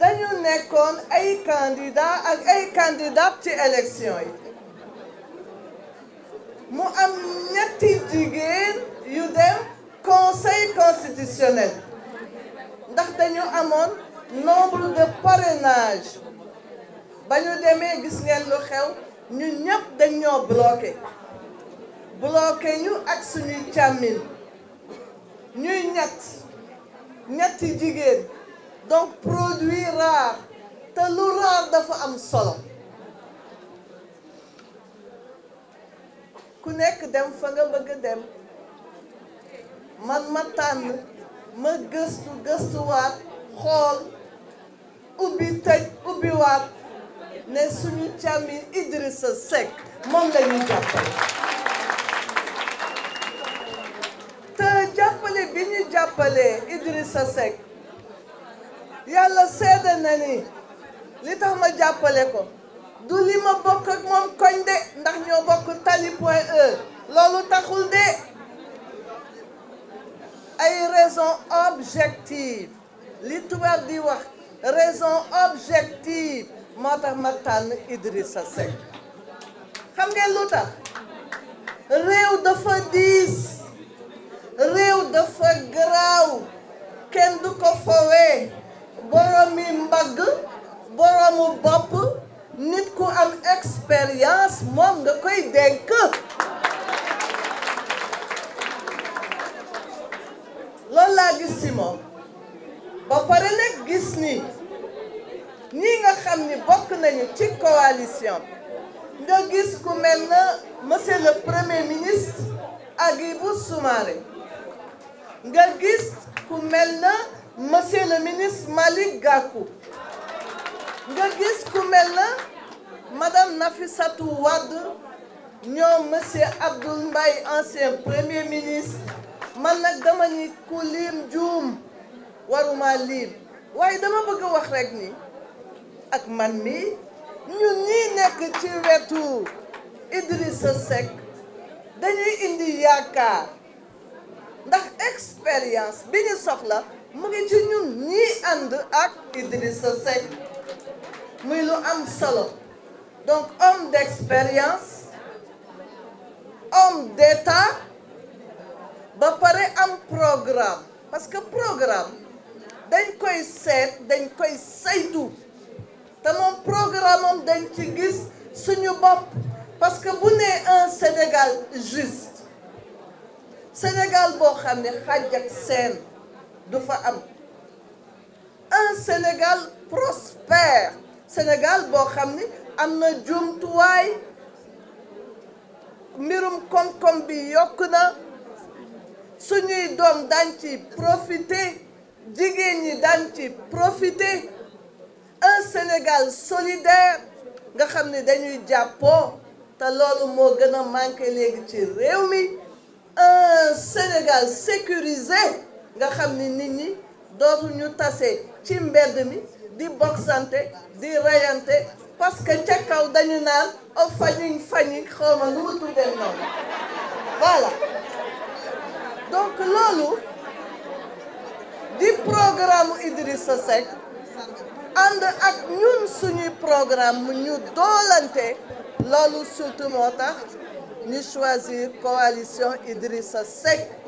dañu nekkoon ay candidat ak ay candidat ci élection yi mu am ñetti jigéen yu dem conseil constitutionnel ndax dañu amoon nombre de parrainage ba ñu demee gis ngeen lu xew ñu ñëpp dañ ñoo bloqué ñu ak suñuy càmmin ñuy ñett ñetti jigéen donc produit rare te lu rare dafa am solo ku nekk dem fa nga bëgg dem man ma tànn ma gëstu gëstuwaat xool ubbi tëj ubbiwaat ne suñu càmmiñ Idrissa Seck moom la jàppale te jàppale bi ñu jàppalee Idrissa Seck yàlla seede na ni li tax ma jàppale ko du li ma bokk ak moom koñ de ndax ñoo bokk tali point E loolu taxul de ay raison objective li tubaab di wax raison objective moo tax ma tànn Idrissa Seck xam ngeen lu tax réew dafa diis bopp nit ku am expérience moom nga koy dénk loolu laa gis si moom ba pare nag gis ni ñi nga xam ni bokk nañu ci coalition nga gis ku mel na monsieur le premier ministre Hadjibou Soumaré nga gis ku mel na monsieur le ministre Malick Gakou nga gis ku mel na madame Nafissatou Wade ñoom monsieur Abdoul Mbaye ancien premier ministre man nag dama ni ku liim juum waruma liim waaye dama bëgg wax rek ni ak man mi ñun ñii nekk ci wetu Idrissa Seck dañuy indi yaakaar ndax expérience bi ñu soxla mu ngi ci ñun ñii ànd ak Idrissa Seck muy lu am solo donc homme d'expérience homme d'état ba pare am programme parce que programme dañ koy seet dañ koy saytu te moom programme dañ ci gis suñu bopp parce que bu nee un Sénégal juste Sénégal boo xam ne xàjj ak seen du fa am un Sénégal prospère Sénégal boo xam ni am na jumtuwaay mbirum koom-koom bi yokk na suñuy doom daan ci profité jigéen ñi daan ci profité un Sénégal solidaire nga xam ni dañuy jàppoo te loolu moo gën a manqué léegi ci réew mi un Sénégal sécurisé nga xam ni nit ñi dootuñu tase ci mbedd mi di boxante di rayante parce que ca kaw dañu naan a oh, fañi xawma nu mu tuddee noonu voilà donc loolu di programme Idrissa Seck ànd ak ñun suñuy programme ñu doolante loolu surtout moo tax ñu choisir coalition Idrissa Seck